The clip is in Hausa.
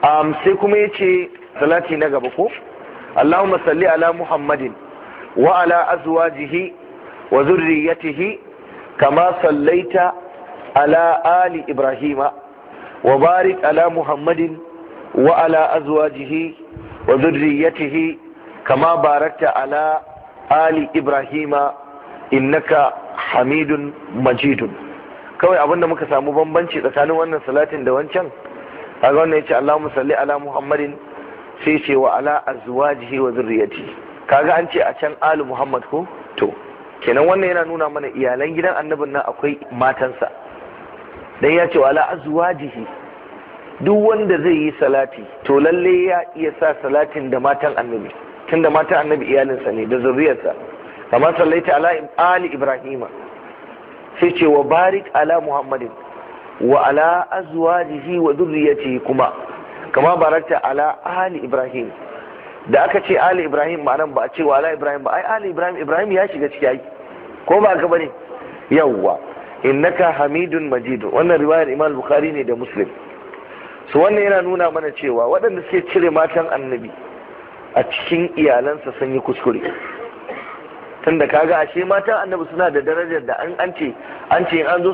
sai kuma ya ce salati na gaba ko Allahumma salli ala Muhammadin wa ala azwajihi wa zurriyatihi kama sallaita ala ali Ibrahima wa barik ala Muhammadin wa ala azwajihi wa zurriyatihi kama barakta ala ali Ibrahima innaka hamidun majidun kawai abinda muka samu bambanci tsakanin wannan salatin da wancan kaga wannan yace Allahumma salli ala Muhammadin sai ce wa ala azwajihi wa zurriyati kaga an ce a can ali Muhammad ko to kenan wannan yana nuna mana iyalan gidan annabin nan akwai matansa dan ya ce wa ala azwajihi duk wanda zai yi salati to lalle ya iya sa salatin da matan annabi tunda matan annabi iyalinsa ne da zurriyarsa kama sallaita ala ali Ibrahima sai ce wa barik ala Muhammadin wa ala azwajihi wa dhurriyyatihi kuma kama barakta ala ali ibrahim da aka ce ali ibrahim ba nan ba a ce wa ala ibrahim ba ai ali ibrahim ibrahim ya shiga ciki ai ko ba ka bane yawwa innaka hamidun majid wannan riwayar imam bukhari ne da muslim su wannan yana nuna mana cewa waɗanda suke cire matan annabi a cikin iyalansa sun yi kuskure tunda kaga ashe matan annabi suna da darajar da an ce an ce an zo